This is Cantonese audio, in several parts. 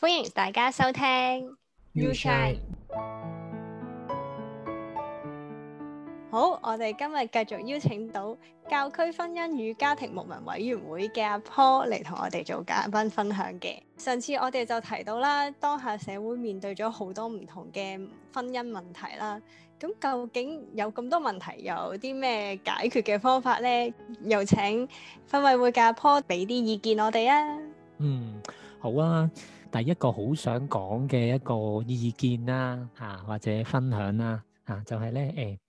歡迎大家收聽。好，我哋今日繼續邀請到教區婚姻與家庭牧民委員會嘅阿坡嚟同我哋做嘉賓分享嘅。上次我哋就提到啦，當下社會面對咗好多唔同嘅婚姻問題啦。咁究竟有咁多問題，有啲咩解決嘅方法呢？有請分委會嘅阿坡俾啲意見我哋啊。嗯，好啊。第一個好想講嘅一個意見啦，嚇、啊、或者分享啦，嚇、啊、就係、是、咧，誒、欸，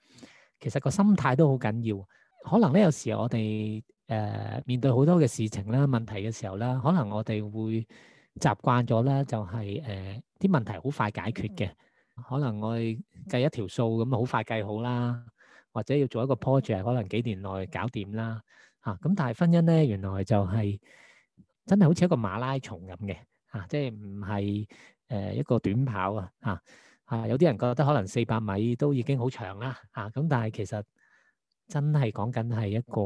其實個心態都好緊要。可能咧，有時我哋誒、呃、面對好多嘅事情啦、問題嘅時候啦，可能我哋會習慣咗啦，就係誒啲問題好快解決嘅，可能我哋計一條數咁好快計好啦，或者要做一個 project，可能幾年內搞掂啦，嚇、啊、咁。但係婚姻咧，原來就係、是、真係好似一個馬拉松咁嘅。啊，即係唔係誒一個短跑啊，吓、吓有啲人覺得可能四百米都已經好長啦，吓、啊、咁但係其實真係講緊係一個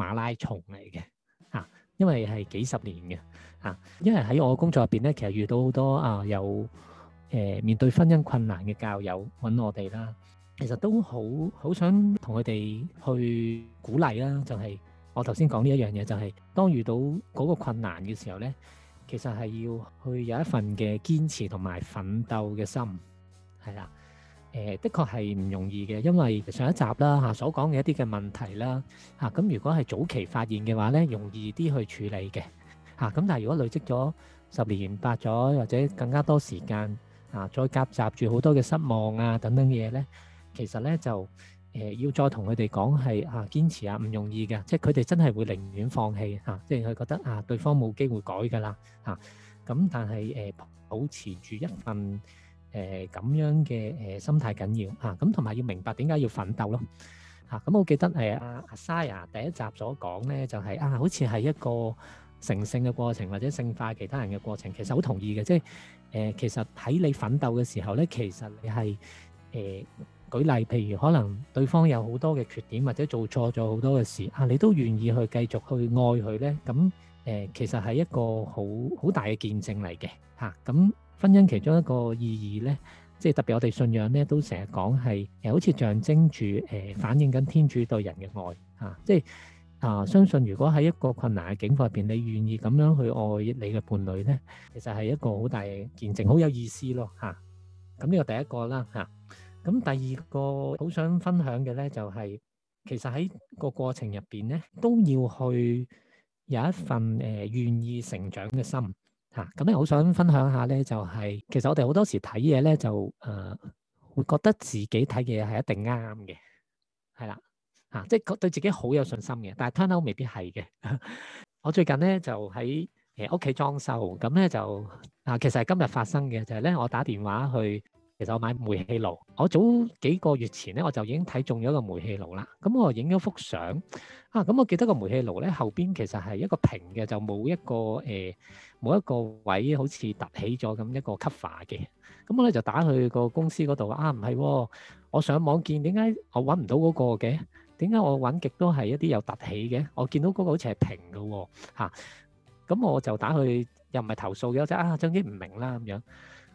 馬拉松嚟嘅啊，因為係幾十年嘅啊，因為喺我工作入邊咧，其實遇到好多啊有誒、呃、面對婚姻困難嘅教友搵我哋啦，其實都好好想同佢哋去鼓勵啦，就係、是、我頭先講呢一樣嘢，就係、是、當遇到嗰個困難嘅時候咧。其實係要去有一份嘅堅持同埋奮鬥嘅心，係啦，誒，的確係唔容易嘅，因為上一集啦嚇所講嘅一啲嘅問題啦嚇，咁如果係早期發現嘅話咧，容易啲去處理嘅嚇，咁但係如果累積咗十年八載，或者更加多時間啊，再夾雜住好多嘅失望啊等等嘅嘢咧，其實咧就。誒要再同佢哋講係啊，堅持啊唔容易嘅，即係佢哋真係會寧願放棄嚇，即係佢覺得啊對方冇機會改㗎喇嚇。咁但係誒保持住一份誒咁樣嘅誒心態緊要嚇，咁同埋要明白點解要奮鬥咯嚇。咁我記得誒阿阿沙雅第一集所講咧，就係啊，好似係一個成聖嘅過程或者聖化其他人嘅過程，其實好同意嘅，即係誒其實喺你奮鬥嘅時候咧，其實你係誒。舉例，譬如可能對方有好多嘅缺點，或者做錯咗好多嘅事，啊，你都願意去繼續去愛佢呢，咁誒，其實係一個好好大嘅見證嚟嘅嚇。咁婚姻其中一個意義呢，即係特別我哋信仰呢都成日講係誒，好似象徵住誒反映緊天主對人嘅愛嚇。即係啊，相信如果喺一個困難嘅境況入邊，你願意咁樣去愛你嘅伴侶呢，其實係一個好大嘅見證，好有意思咯嚇。咁呢個第一個啦嚇。咁第二個好想分享嘅咧，就係、是、其實喺個過程入邊咧，都要去有一份誒願、呃、意成長嘅心嚇。咁咧好想分享下咧，就係、是、其實我哋好多時睇嘢咧，就誒會、呃、覺得自己睇嘅嘢係一定啱嘅，係啦，嚇、啊、即係對自己好有信心嘅。但係 turn out 未必係嘅。 我最近咧就喺誒屋企裝修，咁咧就啊，其實係今日發生嘅就係、是、咧，我打電話去。其實我買煤氣爐，我早幾個月前咧，我就已經睇中咗個煤氣爐啦。咁我影咗幅相啊，咁我記得個煤氣爐咧後邊其實係一個平嘅，就冇一個誒冇一個位好似凸起咗咁一個 cover 嘅。咁我咧就打去個公司嗰度啊，唔係喎，我上網見點解我搵唔到嗰個嘅？點解我搵極都係一啲有凸起嘅？我見到嗰個好似係平嘅，吓。咁我就打去，又唔係投訴嘅，即係啊，總之唔明啦咁樣。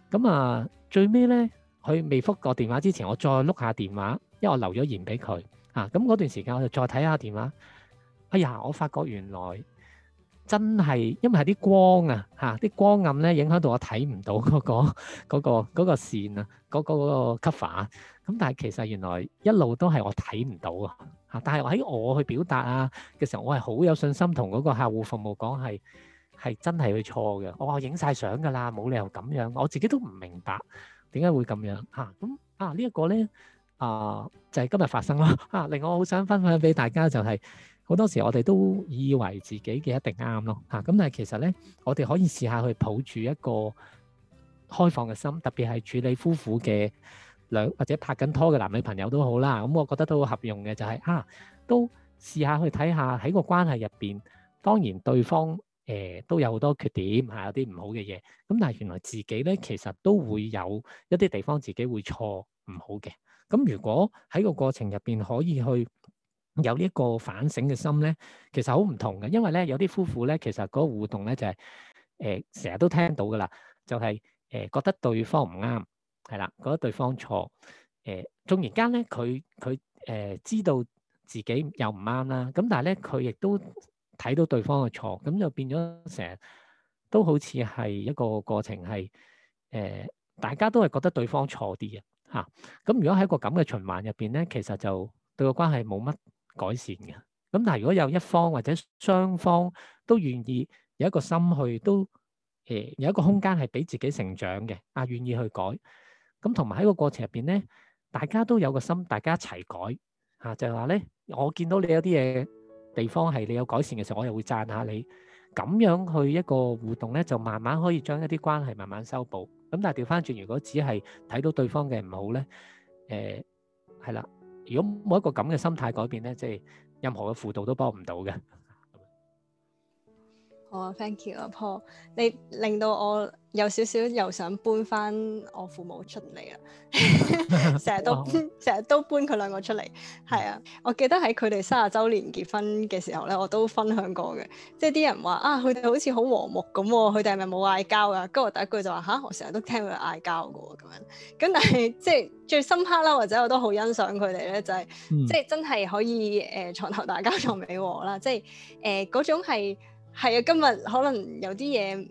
咁啊。最尾咧，佢未覆過電話之前，我再碌下電話，因為我留咗言俾佢啊。咁嗰段時間我就再睇下電話。哎呀，我發覺原來真係，因為係啲光啊，嚇、啊、啲光暗咧影響到我睇唔到嗰、嗰個嗰、嗰個嗰個線啊，嗰、嗰、嗰、個嗰個 cover、啊。咁、啊、但係其實原來一路都係我睇唔到啊。但係喺我去表達啊嘅時候，我係好有信心同嗰個客戶服務講係。係真係佢錯嘅，我影晒相㗎喇，冇理由咁樣。我自己都唔明白點解會咁樣吓。咁啊呢一個咧啊，就係今日發生咯吓。令我好想分享俾大家就係，好多時我哋都以為自己嘅一定啱咯吓。咁但係其實咧，我哋可以試下去抱住一個開放嘅心，特別係處理夫婦嘅兩或者拍緊拖嘅男女朋友都好啦。咁我覺得都好合用嘅，就係吓都試下去睇下喺個關係入邊，當然對方。誒都有好多缺點，係、啊、有啲唔好嘅嘢。咁但係原來自己咧，其實都會有一啲地方自己會錯唔好嘅。咁如果喺個過程入邊可以去有呢個反省嘅心咧，其實好唔同嘅。因為咧，有啲夫婦咧，其實嗰個互動咧就係誒成日都聽到噶啦，就係、是、誒、呃、覺得對方唔啱，係啦，覺得對方錯。誒縱然間咧，佢佢誒知道自己又唔啱啦。咁但係咧，佢亦都。睇到對方嘅錯，咁就變咗成日都好似係一個過程，係、呃、誒大家都係覺得對方錯啲嘅嚇。咁、啊、如果喺個咁嘅循環入邊咧，其實就對個關係冇乜改善嘅。咁但係如果有一方或者雙方都願意有一個心去，都誒、呃、有一個空間係俾自己成長嘅，啊願意去改。咁同埋喺個過程入邊咧，大家都有個心，大家一齊改嚇、啊，就係話咧，我見到你有啲嘢。地方係你有改善嘅時候，我又會讚下你，咁樣去一個互動呢，就慢慢可以將一啲關係慢慢修補。咁但係調翻轉，如果只係睇到對方嘅唔好呢，誒係啦，如果冇一個咁嘅心態改變呢，即係任何嘅輔導都幫唔到嘅。哦、oh，thank you 阿婆。」你令到我有少少又想搬翻我父母出嚟啦，成 日都成日都搬佢兩個出嚟，係啊，我記得喺佢哋三十周年結婚嘅時候咧，我都分享過嘅，即係啲人話啊，佢哋好似好和睦咁喎，佢哋係咪冇嗌交噶，跟住我第一句就話吓、啊，我成日都聽佢嗌交噶喎咁樣，咁但係即係最深刻啦，或者我都好欣賞佢哋咧，就係、是嗯、即係真係可以誒、呃，床頭打交，床尾和啦，即係誒嗰種係。係啊，今日可能有啲嘢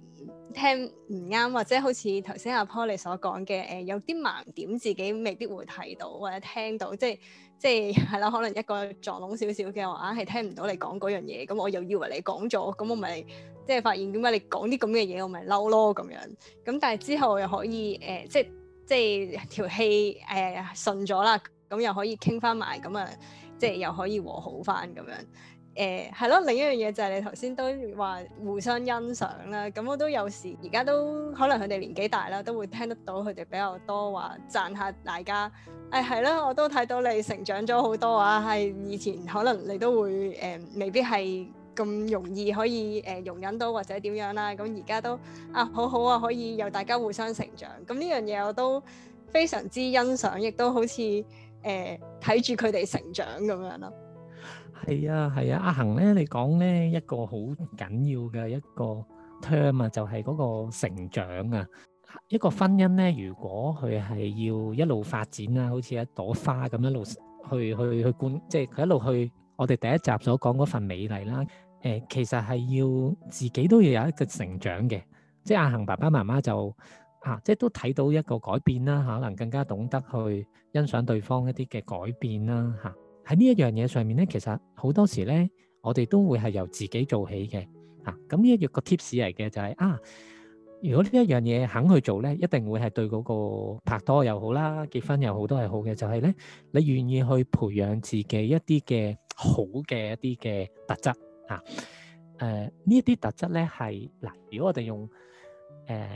聽唔啱，或者好似頭先阿 Paulie 所講嘅，誒、呃、有啲盲點自己未必會睇到或者聽到，即係即係係啦，可能一個撞聾少少嘅話，係、啊、聽唔到你講嗰樣嘢，咁我又以為你講咗，咁我咪即係發現點解你講啲咁嘅嘢，我咪嬲咯咁樣。咁但係之後又可以誒、呃，即係即係條氣誒、呃、順咗啦，咁又可以傾翻埋，咁啊即係又可以和好翻咁樣。誒係咯，另一樣嘢就係你頭先都話互相欣賞啦。咁我都有時而家都可能佢哋年紀大啦，都會聽得到佢哋比較多話讚下大家。誒係咯，我都睇到你成長咗好多啊。係以前可能你都會誒、呃、未必係咁容易可以誒、呃、容忍到或者點樣啦。咁而家都啊好好啊，可以有大家互相成長。咁呢樣嘢我都非常之欣賞，亦都好似誒睇住佢哋成長咁樣咯。係啊，係啊，阿恆咧，你講咧一個好緊要嘅一個 term 啊，就係嗰個成長啊。一個婚姻咧，如果佢係要一路發展啦，好似一朵花咁一路去去去灌，即係佢一路去。我哋第一集所講嗰份美麗啦，誒，其實係要自己都要有一個成長嘅。即係阿恆爸爸媽媽就啊，即係都睇到一個改變啦，可能更加懂得去欣賞對方一啲嘅改變啦，嚇。喺呢一樣嘢上面咧，其實好多時咧，我哋都會係由自己做起嘅嚇。咁呢一個 tips 嚟嘅就係啊，如果呢一樣嘢肯去做咧，一定會係對嗰個拍拖又好啦，結婚又好都係好嘅。就係咧，你願意去培養自己一啲嘅好嘅一啲嘅特質嚇。誒呢一啲特質咧係嗱，如果我哋用誒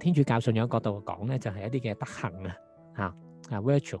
天主教信仰角度講咧，就係一啲嘅德行啊嚇啊 virtue。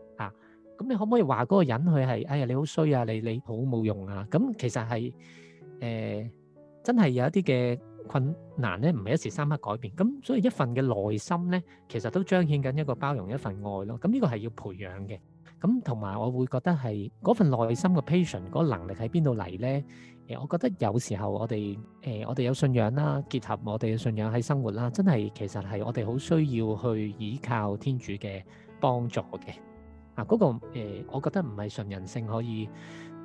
咁你可唔可以話嗰個人佢係？哎呀，你好衰啊！你你好冇用啊！咁其實係誒、呃，真係有一啲嘅困難咧，唔係一時三刻改變。咁所以一份嘅耐心咧，其實都彰顯緊一個包容，一份愛咯。咁呢個係要培養嘅。咁同埋我會覺得係嗰份耐心嘅 patience，嗰個能力喺邊度嚟咧？誒、呃，我覺得有時候我哋誒、呃，我哋有信仰啦，結合我哋嘅信仰喺生活啦，真係其實係我哋好需要去依靠天主嘅幫助嘅。嗱，嗰個誒，我覺得唔係純人性可以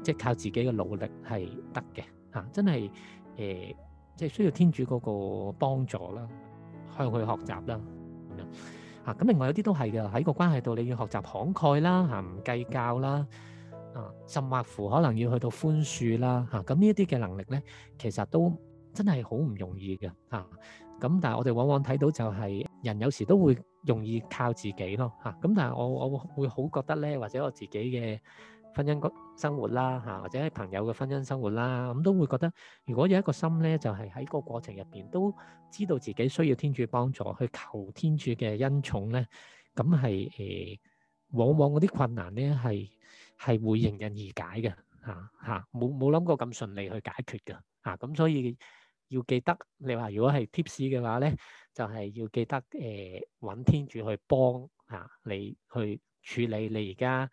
即係靠自己嘅努力係得嘅嚇，真係誒，即係需要天主嗰個幫助啦，向佢學習啦咁樣嚇。咁另外有啲都係嘅，喺個關係度你要學習慷慨啦嚇，唔計較啦啊，甚或乎可能要去到寬恕啦嚇。咁呢一啲嘅能力咧，其實都真係好唔容易嘅嚇。咁但係我哋往往睇到就係人有時都會容易靠自己咯嚇，咁但係我我會好覺得咧，或者我自己嘅婚姻生活啦嚇，或者係朋友嘅婚姻生活啦，咁都會覺得，如果有一個心咧，就係、是、喺個過程入邊都知道自己需要天主幫助，去求天主嘅恩寵咧，咁係誒，往往嗰啲困難咧係係會迎刃而解嘅嚇嚇，冇冇諗過咁順利去解決嘅嚇，咁、啊嗯、所以。要記得，你話如果係 tips 嘅話咧，就係、是、要記得誒，搵、呃、天主去幫啊，你去處理你而家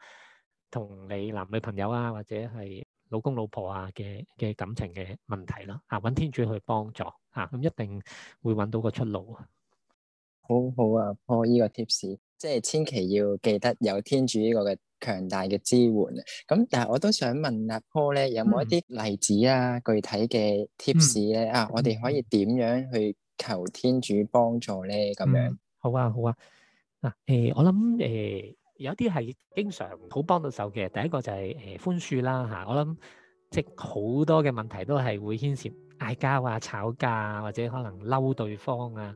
同你男女朋友啊，或者係老公老婆啊嘅嘅感情嘅問題咯。啊，搵天主去幫助啊，咁、嗯、一定會搵到個出路啊！好好啊，幫我呢個 tips。即係千祈要記得有天主呢個嘅強大嘅支援啊！咁但係我都想問阿 Paul 咧，有冇一啲例子啊、嗯、具體嘅 tips 咧啊？我哋可以點樣去求天主幫助咧？咁樣、嗯、好啊，好啊嗱，誒、呃、我諗誒、呃、有啲係經常好幫到手嘅。第一個就係、是、誒、呃、寬恕啦嚇，我諗即係好多嘅問題都係會牽涉嗌交啊、吵架啊，或者可能嬲對方啊。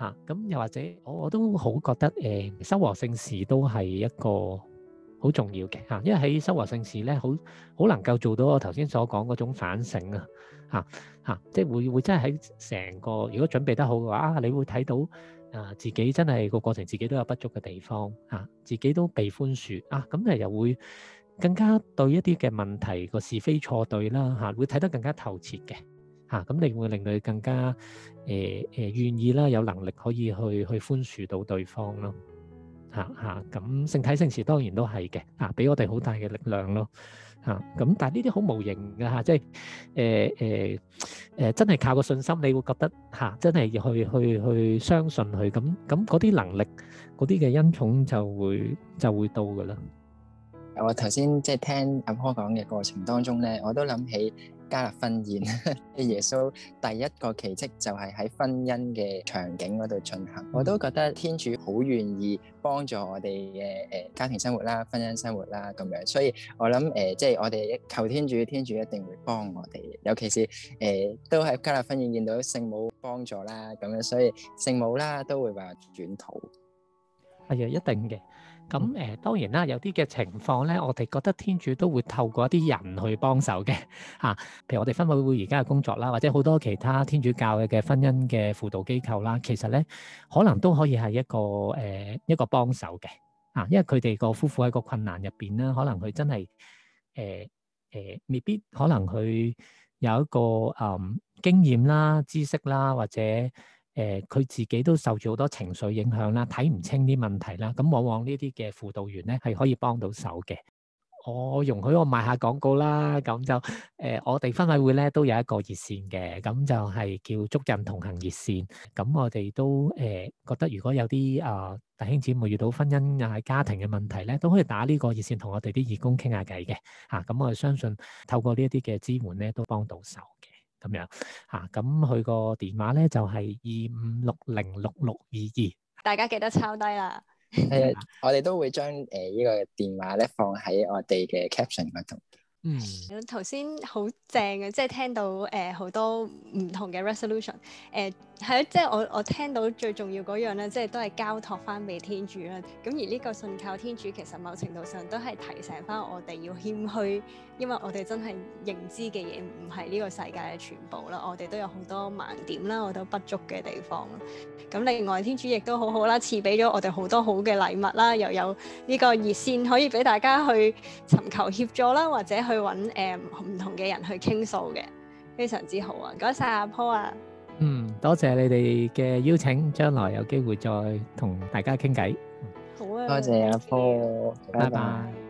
嚇咁又或者我我都好覺得誒修和聖事都係一個好重要嘅嚇，因為喺修和聖事咧，好好能夠做到我頭先所講嗰種反省啊嚇嚇，即係會會真係喺成個如果準備得好嘅話，你會睇到啊自己真係個過程自己都有不足嘅地方嚇，自己都被寬恕啊，咁你又會更加對一啲嘅問題個是非錯對啦嚇，會睇得更加透徹嘅。嚇咁，你會令佢更加誒誒願意啦，有能力可以去去寬恕到對方咯。嚇嚇，咁聖體聖事當然都係嘅，嚇俾我哋好大嘅力量咯。嚇咁，但係呢啲好無形㗎嚇，即係誒誒誒，真係靠個信心，你會覺得嚇，真係要去去去相信佢，咁咁嗰啲能力嗰啲嘅恩寵就會就會到㗎啦。我頭先即係聽阿坡講嘅過程當中咧，我都諗起。加納婚宴，耶穌第一個奇蹟就係喺婚姻嘅場景嗰度進行。我都覺得天主好願意幫助我哋嘅誒家庭生活啦、婚姻生活啦咁樣。所以我諗誒，即、呃、係、就是、我哋求天主，天主一定會幫我哋。尤其是誒、呃，都喺加納婚宴見到聖母幫助啦咁樣，所以聖母啦都會話轉禱。係啊、哎，一定嘅。咁誒、嗯、當然啦，有啲嘅情況咧，我哋覺得天主都會透過一啲人去幫手嘅嚇，譬如我哋分會會而家嘅工作啦，或者好多其他天主教嘅婚姻嘅輔導機構啦，其實咧可能都可以係一個誒、呃、一個幫手嘅啊，因為佢哋個夫婦喺個困難入邊咧，可能佢真係誒誒未必可能佢有一個誒、呃、經驗啦、知識啦或者，誒佢、呃、自己都受住好多情緒影響啦，睇唔清啲問題啦，咁往往呢啲嘅輔導員咧係可以幫到手嘅。我容許我賣下廣告啦，咁就誒、呃、我哋婚禮會咧都有一個熱線嘅，咁就係叫足印同行熱線。咁我哋都誒、呃、覺得如果有啲啊弟兄姐妹遇到婚姻啊家庭嘅問題咧，都可以打呢個熱線同我哋啲義工傾下偈嘅。嚇、啊，咁我哋相信透過呢一啲嘅支援咧，都幫到手咁樣嚇，咁佢個電話咧就係二五六零六六二二，大家記得抄低啦。誒、 嗯， 我哋都會將誒呢個電話咧放喺我哋嘅 caption 嗰度。嗯，頭先好正嘅，即係聽到誒好多唔同嘅 resolution，誒係啊，即係我我聽到最重要樣咧，即係都係交託翻俾天主啦。咁而呢個信靠天主，其實某程度上都係提醒翻我哋要謙虛，因為我哋真係認知嘅嘢唔係呢個世界嘅全部啦，我哋都有好多盲點啦，我都不足嘅地方。咁另外天主亦都好好啦，賜俾咗我哋好多好嘅禮物啦，又有呢個熱線可以俾大家去尋求協助啦，或者。去揾誒唔同嘅人去傾訴嘅，非常之好啊！多謝阿 Paul 啊！嗯，多謝你哋嘅邀請，將來有機會再同大家傾偈。好啊！多謝阿 Paul，拜拜。